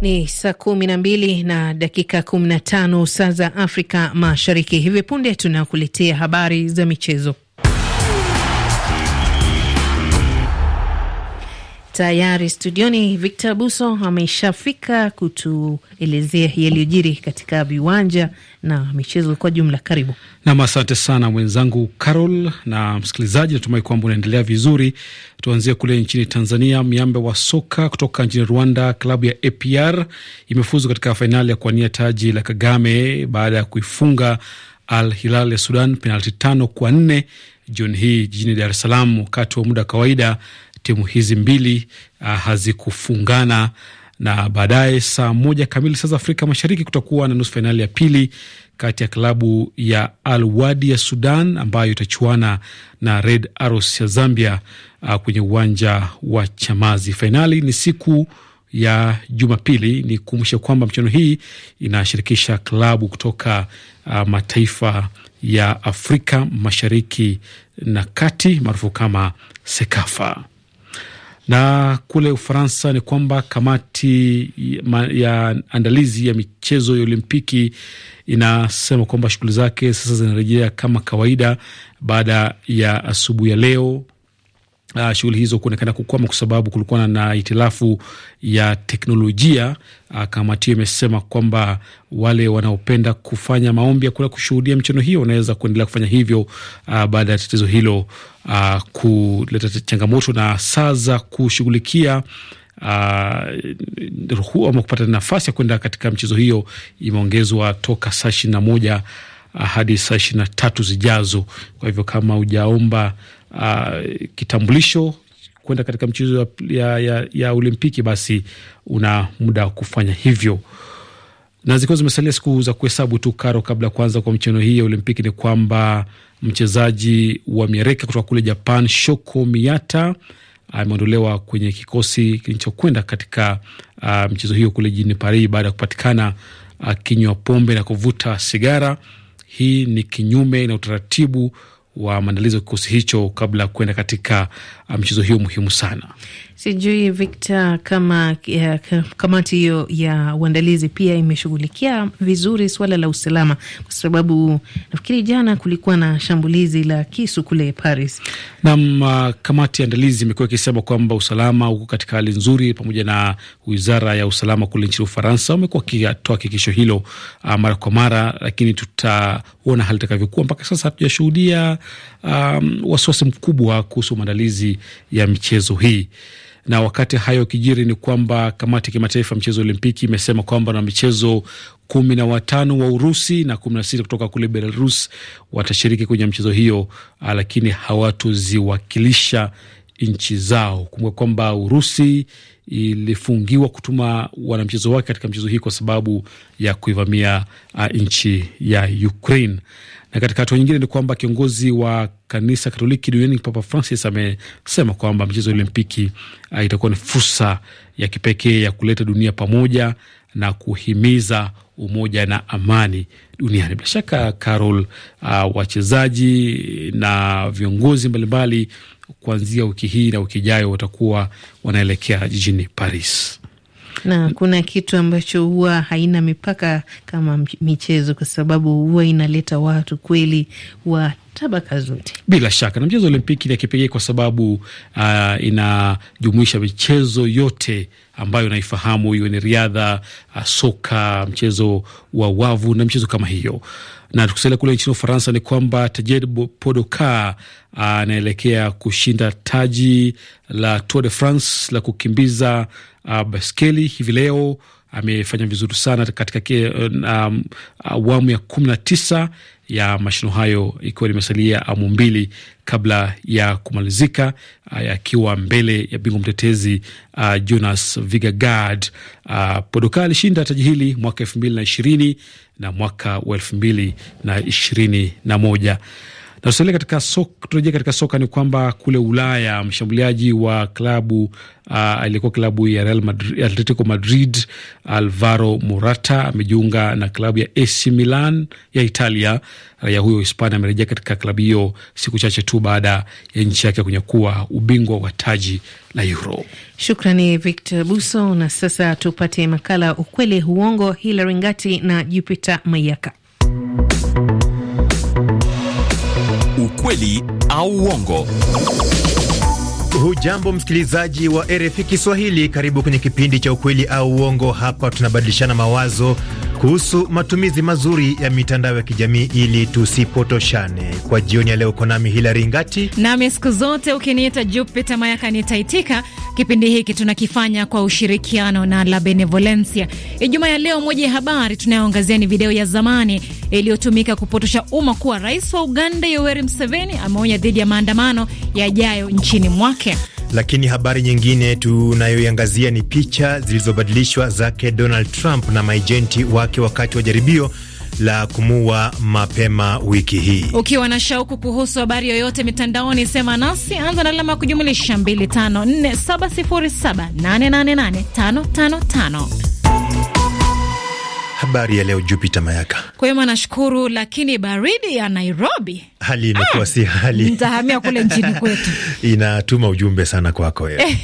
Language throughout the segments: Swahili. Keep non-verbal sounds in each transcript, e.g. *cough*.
Ni saa kumi na mbili na dakika kumi na tano saa za Afrika Mashariki. Hivi punde tunakuletea habari za michezo. Tayari studioni Victor Buso ameshafika kutuelezea yaliyojiri katika viwanja na michezo kwa jumla. Karibu nam. Asante sana mwenzangu Carol na msikilizaji, natumai kwamba unaendelea vizuri. Tuanzie kule nchini Tanzania. Miamba wa soka kutoka nchini Rwanda, klabu ya APR imefuzu katika fainali ya kuwania taji la Kagame baada ya kuifunga Al Hilal ya Sudan penalti tano kwa nne jioni hii jijini Dar es Salaam wakati wa muda wa kawaida timu hizi mbili uh, hazikufungana na baadaye saa moja kamili saa za Afrika Mashariki kutakuwa na nusu fainali ya pili kati ya klabu ya Al Wadi ya Sudan ambayo itachuana na Red Arrows ya Zambia uh, kwenye uwanja wa Chamazi. Fainali ni siku ya Jumapili. Ni kuumbusha kwamba mchano hii inashirikisha klabu kutoka uh, mataifa ya Afrika Mashariki na Kati maarufu kama SEKAFA. Na kule Ufaransa ni kwamba kamati ya andalizi ya michezo ya Olimpiki inasema kwamba shughuli zake sasa zinarejelea kama kawaida baada ya asubuhi ya leo Uh, shughuli hizo kuonekana kukwama kwa sababu kulikuwa na hitilafu ya teknolojia. Uh, ah, kamati hiyo imesema kwamba wale wanaopenda kufanya maombi ya kuenda kushuhudia michuano hiyo wanaweza kuendelea kufanya hivyo, uh, baada ya tatizo hilo uh, kuleta changamoto na saa za kushughulikia uh, ruhu ama kupata nafasi ya kuenda katika mchezo hiyo imeongezwa toka saa ishirini na moja hadi saa ishirini na tatu zijazo. Kwa hivyo kama ujaomba uh, kitambulisho kwenda katika mchezo ya, ya, ya ya Olimpiki, basi una muda wa kufanya hivyo. Na zikiwa zimesalia siku za kuhesabu tu karo kabla ya kuanza kwa mchezo hii ya Olimpiki, ni kwamba mchezaji wa miereka kutoka kule Japan, Shoko Miyata ameondolewa kwenye kikosi kilichokwenda katika uh, mchezo hiyo kule jijini Paris baada ya kupatikana akinywa uh, pombe na kuvuta sigara. Hii ni kinyume na utaratibu wa maandalizi wa kikosi hicho kabla ya kuenda katika Ah, michezo hiyo muhimu sana. Sijui Victor, kama eh, kamati hiyo ya uandalizi pia imeshughulikia vizuri suala la usalama, kwa sababu nafikiri jana kulikuwa na shambulizi la kisu kule Paris. Naam, uh, kamati ya andalizi imekuwa ikisema kwamba usalama huko katika hali nzuri, pamoja na wizara ya usalama kule nchini Ufaransa wamekuwa wakitoa hakikisho hilo uh, mara kwa mara, lakini tutaona hali itakavyokuwa. Mpaka sasa hatujashuhudia um, wasiwasi mkubwa kuhusu maandalizi ya michezo hii. Na wakati hayo kijiri, ni kwamba kamati ya kimataifa mchezo olimpiki imesema kwamba na michezo kumi na watano wa Urusi na kumi na sita kutoka kule Belarus watashiriki kwenye mchezo hiyo, ah, lakini hawatoziwakilisha nchi zao. Kumbuka kwamba Urusi ilifungiwa kutuma wanamchezo wake katika mchezo hii kwa sababu ya kuivamia ah, nchi ya Ukraine. Na katika hatua nyingine ni kwamba kiongozi wa kanisa Katoliki duniani Papa Francis amesema kwamba michezo ya Olimpiki uh, itakuwa ni fursa ya kipekee ya kuleta dunia pamoja na kuhimiza umoja na amani duniani. Bila shaka Carol, uh, wachezaji na viongozi mbalimbali kuanzia wiki hii na wiki ijayo watakuwa wanaelekea jijini Paris na mm. kuna kitu ambacho huwa haina mipaka kama michezo, kwa sababu huwa inaleta watu kweli wa tabaka zote. Bila shaka na mchezo Olimpiki ni kipekee kwa sababu uh, inajumuisha michezo yote ambayo naifahamu, iwe ni riadha, uh, soka, mchezo wa wavu na michezo kama hiyo. Na tukisalia kule nchini Ufaransa ni kwamba Tadej Pogacar ah, anaelekea kushinda taji la Tour de France la kukimbiza uh, ah, baskeli hivi leo amefanya vizuri sana katika um, awamu um, ya kumi na tisa ya mashino hayo ikiwa limesalia awamu mbili kabla ya kumalizika, uh, akiwa mbele ya bingwa mtetezi uh, Jonas Vingegaard. Uh, Podoka alishinda taji hili mwaka elfu mbili na ishirini na mwaka wa elfu mbili na ishirini na moja. Na katika soka, turejea katika soka ni kwamba kule Ulaya mshambuliaji wa klabu uh, aliyekuwa klabu ya Real Madrid, Atletico Madrid Alvaro Morata amejiunga na klabu ya AC Milan ya Italia. Raia huyo Hispania amerejea katika klabu hiyo siku chache tu baada ya nchi yake kunyakua ubingwa wa taji la Euro. Shukrani Victor Buso, na sasa tupate makala ukweli huongo, Hilary Ngati na Jupiter Mayaka. ukweli au uongo. Hujambo msikilizaji wa RFI Kiswahili, karibu kwenye kipindi cha ukweli au uongo. Hapa tunabadilishana mawazo kuhusu matumizi mazuri ya mitandao ya kijamii ili tusipotoshane. Kwa jioni ya leo uko nami Hilari Ngati, nami siku zote ukiniita Jupita Mayaka nitaitika. Kipindi hiki tunakifanya kwa ushirikiano na La Benevolencia. Ijumaa ya leo, moja ya habari tunayoangazia ni video ya zamani iliyotumika kupotosha umma kuwa rais wa Uganda Yoweri Museveni ameonya dhidi ya maandamano yajayo nchini mwake. Lakini habari nyingine tunayoiangazia ni picha zilizobadilishwa zake Donald Trump na maejenti wake wakati wa jaribio la kumua mapema wiki hii. Ukiwa na shauku kuhusu habari yoyote mitandaoni, sema nasi, anza na alama kujumulisha 254707888555. Habari ya leo, Mayaka. Kwa hiyo nashukuru, lakini baridi ya Nairobi hali imekuwa si ah, hali, nitahamia kule nchini kwetu. *laughs* Inatuma ujumbe sana kwako wewe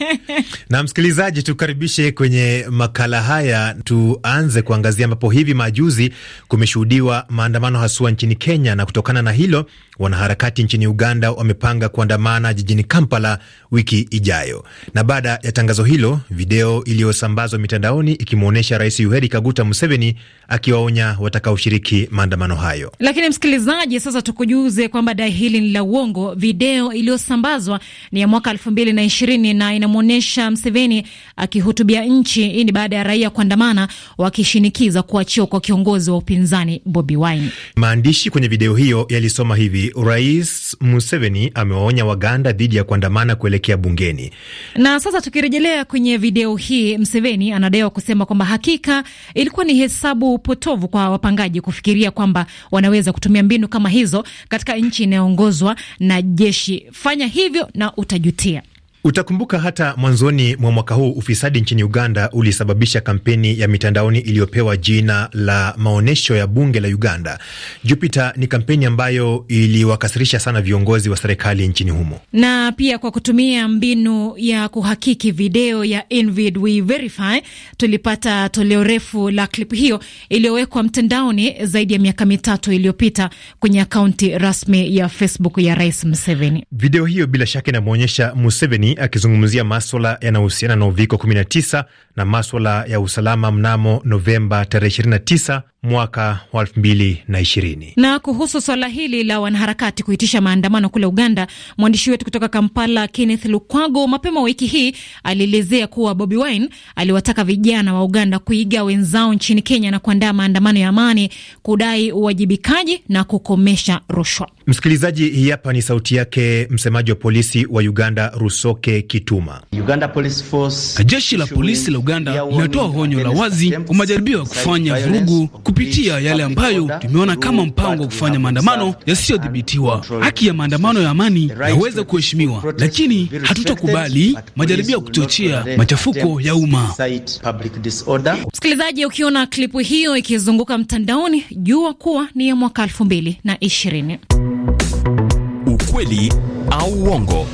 *laughs* na msikilizaji. Tukaribishe kwenye makala haya, tuanze kuangazia ambapo hivi majuzi kumeshuhudiwa maandamano haswa nchini Kenya, na kutokana na hilo wanaharakati nchini Uganda wamepanga kuandamana jijini Kampala wiki ijayo. Na baada ya tangazo hilo, video iliyosambazwa mitandaoni ikimwonyesha Rais Yoweri Kaguta Museveni akiwaonya watakaoshiriki maandamano hayo. Lakini msikilizaji, sasa tukujuze kwamba dai hili ni la uongo. Video iliyosambazwa ni ya mwaka elfu mbili na ishirini na inamwonyesha Mseveni akihutubia nchi. Hii ni baada ya raia kuandamana wakishinikiza kuachiwa kwa kiongozi wa upinzani Bobi Wine. Maandishi kwenye video hiyo yalisoma hivi: Rais Museveni amewaonya Waganda dhidi ya kuandamana kuelekea bungeni. Na sasa tukirejelea kwenye video hii, Mseveni anadaiwa kusema kwamba hakika ilikuwa ni hesabu potovu kwa wapangaji kufikiria kwamba wanaweza kutumia mbinu kama hizo katika nchi inayoongozwa na jeshi. Fanya hivyo na utajutia. Utakumbuka hata mwanzoni mwa mwaka huu ufisadi nchini Uganda ulisababisha kampeni ya mitandaoni iliyopewa jina la maonyesho ya bunge la Uganda Jupiter. Ni kampeni ambayo iliwakasirisha sana viongozi wa serikali nchini humo, na pia kwa kutumia mbinu ya kuhakiki video ya Invid We Verify, tulipata toleo refu la klip hiyo iliyowekwa mtandaoni zaidi ya miaka mitatu iliyopita kwenye akaunti rasmi ya Facebook ya Rais Museveni. Video hiyo bila shaka inamwonyesha Museveni akizungumzia maswala yanayohusiana na uviko 19 na maswala ya usalama mnamo Novemba tarehe 29 mwaka wa 2020. Na kuhusu swala hili la wanaharakati kuitisha maandamano kule Uganda, mwandishi wetu kutoka Kampala Kenneth Lukwago mapema wiki hii alielezea kuwa Bobi Wine aliwataka vijana wa Uganda kuiga wenzao nchini Kenya na kuandaa maandamano ya amani kudai uwajibikaji na kukomesha rushwa. Msikilizaji, hii hapa ni sauti yake msemaji wa polisi wa Uganda Rusoke Chitoke Kituma. jeshi la polisi la Uganda linatoa onyo la wazi kwa majaribio ya kufanya vurugu kupitia yale ambayo tumeona kama mpango wa kufanya maandamano yasiyodhibitiwa. Haki ya maandamano ya amani yaweza kuheshimiwa, lakini hatutakubali majaribio ya kuchochea machafuko ya umma. Msikilizaji, ukiona klipu hiyo ikizunguka mtandaoni, jua kuwa ni ya mwaka elfu mbili na ishirini. Ukweli au uongo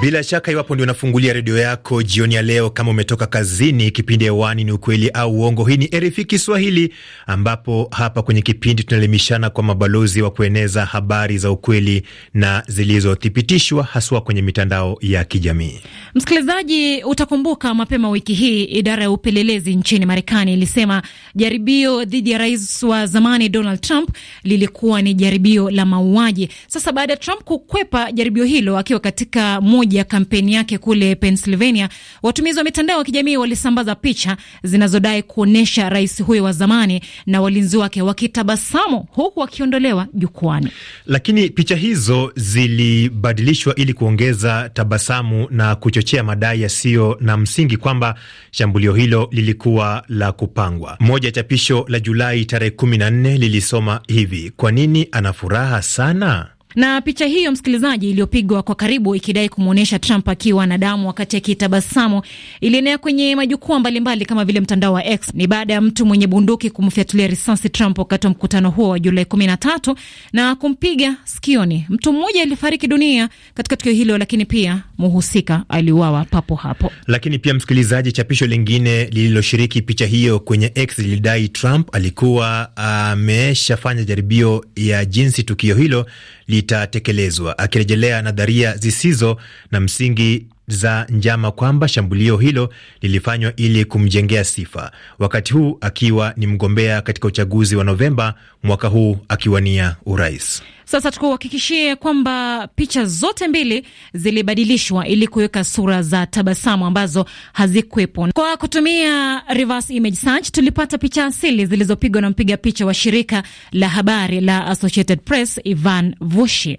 Bila shaka iwapo ndio unafungulia redio yako jioni ya leo, kama umetoka kazini, kipindi hewani ni ukweli au uongo. Hii ni RFI Kiswahili, ambapo hapa kwenye kipindi tunaelimishana kwa mabalozi wa kueneza habari za ukweli na zilizothibitishwa, haswa kwenye mitandao ya kijamii. Msikilizaji, utakumbuka mapema wiki hii idara ya upelelezi nchini Marekani ilisema jaribio dhidi ya rais wa zamani Donald Trump lilikuwa ni jaribio la mauaji. Sasa baada ya Trump kukwepa jaribio hilo akiwa katika moja moja ya kampeni yake kule Pennsylvania, watumizi wa mitandao ya kijamii walisambaza picha zinazodai kuonyesha rais huyo wa zamani na walinzi wake wakitabasamu huku wakiondolewa jukwani. Lakini picha hizo zilibadilishwa ili kuongeza tabasamu na kuchochea madai yasiyo na msingi kwamba shambulio hilo lilikuwa la kupangwa. Moja ya chapisho la Julai tarehe 14 lilisoma hivi: kwa nini ana furaha sana? Na picha hiyo msikilizaji, iliyopigwa kwa karibu ikidai kumwonyesha Trump akiwa na damu wakati akitabasamu ilienea kwenye majukwaa mbalimbali kama vile mtandao wa X. Ni baada ya mtu mwenye bunduki kumfyatulia risasi Trump wakati wa mkutano huo wa Julai 13 na kumpiga sikioni. Mtu mmoja alifariki dunia katika tukio hilo, lakini pia muhusika aliuawa papo hapo. Lakini pia msikilizaji, chapisho lingine lililoshiriki picha hiyo kwenye X lilidai Trump alikuwa ameshafanya jaribio ya jinsi tukio hilo litatekelezwa, akirejelea nadharia zisizo na msingi za njama kwamba shambulio hilo lilifanywa ili kumjengea sifa, wakati huu akiwa ni mgombea katika uchaguzi wa Novemba mwaka huu akiwania urais. Sasa tukuhakikishie kwamba picha zote mbili zilibadilishwa ili kuweka sura za tabasamu ambazo hazikuwepo. Kwa kutumia reverse image search, tulipata picha asili zilizopigwa na mpiga picha wa shirika la habari la Associated Press Ivan Vushi.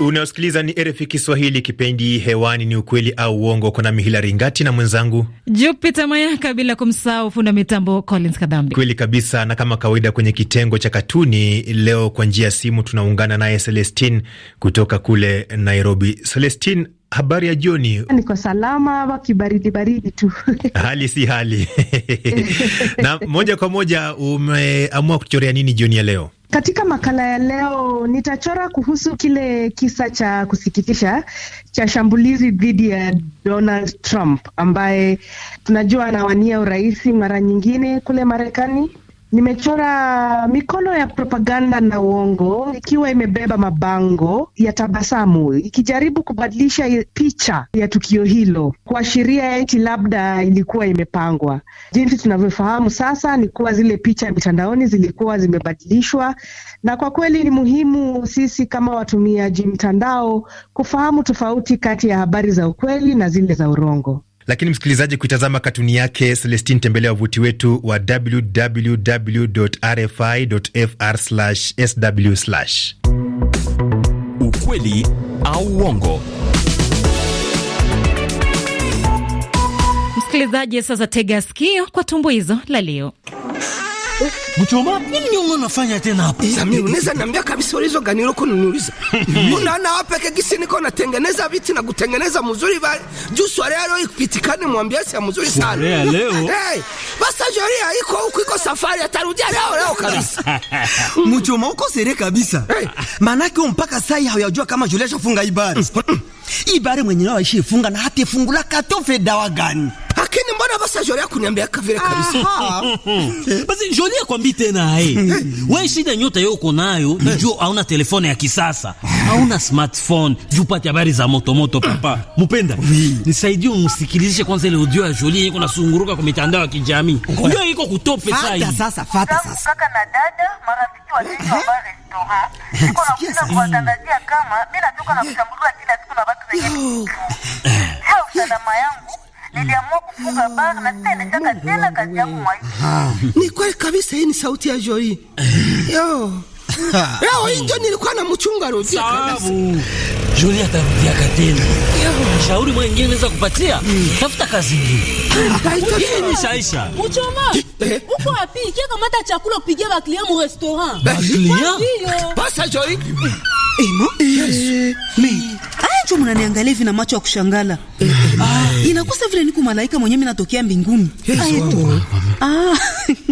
Unaosikiliza ni RFI Kiswahili, kipindi hewani ni ukweli au uongo. Kuna mihila ringati na mwenzangu Jupita Mayaka, bila kumsahau funda mitambo Collins Kadhambi. Kweli kabisa, na kama kawaida kwenye kitengo cha katuni, leo kwa njia ya simu tunaungana naye Celestin kutoka kule Nairobi. Celestin, Habari ya jioni. Niko salama, wakibaridi baridi tu *laughs* hali si hali *laughs* na moja kwa moja, umeamua kuchorea nini jioni ya leo? Katika makala ya leo nitachora kuhusu kile kisa cha kusikitisha cha shambulizi dhidi ya Donald Trump ambaye tunajua anawania urais mara nyingine kule Marekani Nimechora mikono ya propaganda na uongo ikiwa imebeba mabango ya tabasamu ikijaribu kubadilisha picha ya tukio hilo kuashiria eti labda ilikuwa imepangwa. Jinsi tunavyofahamu sasa ni kuwa zile picha mitandaoni zilikuwa zimebadilishwa, na kwa kweli ni muhimu sisi kama watumiaji mtandao kufahamu tofauti kati ya habari za ukweli na zile za urongo. Lakini msikilizaji, kuitazama katuni yake Celestin, tembelea wavuti wetu wa www.rfi.fr/sw. Ukweli au uongo? Msikilizaji, sasa tega sikio kwa tumbuizo la leo. Mchoma? Nini nyongo nafanya tena hapa? Eh, Samir, eh, unaweza niambia kabisa ulizo gani uliko niuliza? Unaona *laughs* hapa keki si niko natengeneza viti na kutengeneza mzuri Juu jusu leo ipitikane mwambiasi ya mzuri sana. Leo leo. *laughs* Hey, basa joria iko huko iko safari atarudia leo leo kabisa. *laughs* Mchoma uko sere kabisa. Hey. Manake mpaka sasa hawajua kama Julia shafunga ibari. Mm, mm. ibara mwenyewe waishi funga na hata fungula katofe dawa gani? lakini mbona basi Jolie akuniambia kavile kabisa? *laughs* Basi Jolie akwambi tena eh. Wewe hmm. shida nyota yako uko nayo, hmm. nijua hauna telefone ya kisasa. Hauna smartphone, jupate habari za moto moto papa. Hmm. Mupenda. Nisaidie umsikilize kwanza ile audio ya Jolie iko nasunguruka kwa mitandao ya kijamii. Ndio iko kutope sasa hivi. Fata sasa, fata sasa. Kaka na dada marafiki wa vitu eh? wa restaurant. *laughs* Niko nakuta kwa tangazia kama mimi natoka na kushambuliwa kila siku na watu wengi. Sio usalama mayangu niliamua kufunga baa na sasa nataka tena kazi yangu mwaisha. Ni kweli kabisa, hii ni sauti ya Joi. Yo. *laughs* Leo hii ndio nilikuwa na mchunga rudia kabisa. Joy atarudia tena. Shauri mwingine naweza kupatia. Mm. Tafuta kazi nyingine. ni Shaisha. Uchoma. Uko wapi? Kia kamata chakula upigie ba client mu restaurant. Ba client. Pasa Joy. Eh, Yesu. Mimi. Ai, ndio mnaniangalia hivi na macho ya kushangala. Eh, eh, eh. inakosa vile niku malaika mwenye minatokea mbinguni aetu ah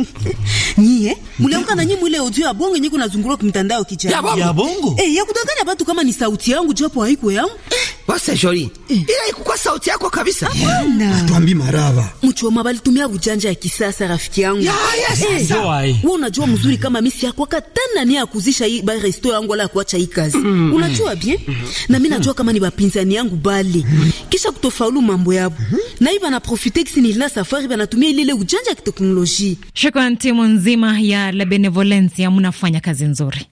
*laughs* nyie mliamka na nyie mwile audio ya bongo nyiko nazungura kumtandao kicha ya bongo ya, bongo. eh ya kudanganya batu kama ni sauti yangu japo haiko yangu eh. Wasa jori eh. Ila ikukuwa sauti yako kabisa Hapana yeah. Atuambi marava Mchoma tumia ujanja ya kisasa rafiki yangu Ya ya sasa Wewe eh. unajua mzuri kama misi ya kwa katana ni ya kuzisha hii Bari resto yangu wala kuacha hii kazi mm. Unajua bie mm. Na mina jua kama ni bapinzani yangu bali Kisha kutofaulu mambo yabo mm -hmm. na hii banaprofite kisi ni la safari banatumia ilile ujanja ya kiteknolojia. Shukrani timu nzima ya La Benevolencia, mnafanya kazi nzuri.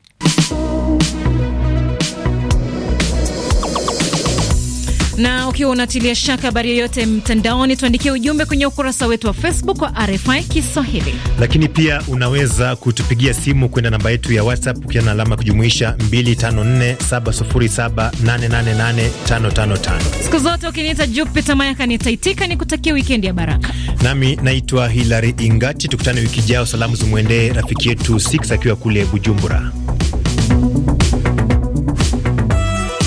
Na ukiwa unatilia shaka habari yoyote mtandaoni, tuandikie ujumbe kwenye ukurasa wetu wa Facebook wa RFI Kiswahili, lakini pia unaweza kutupigia simu kwenda namba yetu ya WhatsApp ukiwa na alama kujumuisha 254707888555. Siku zote ukiniita Jupita Mayaka nitaitika, kutakia wikendi ya baraka. Nami naitwa Hilary Ingati, tukutane wiki ijayo. Salamu zimwendee rafiki yetu Six akiwa kule Bujumbura.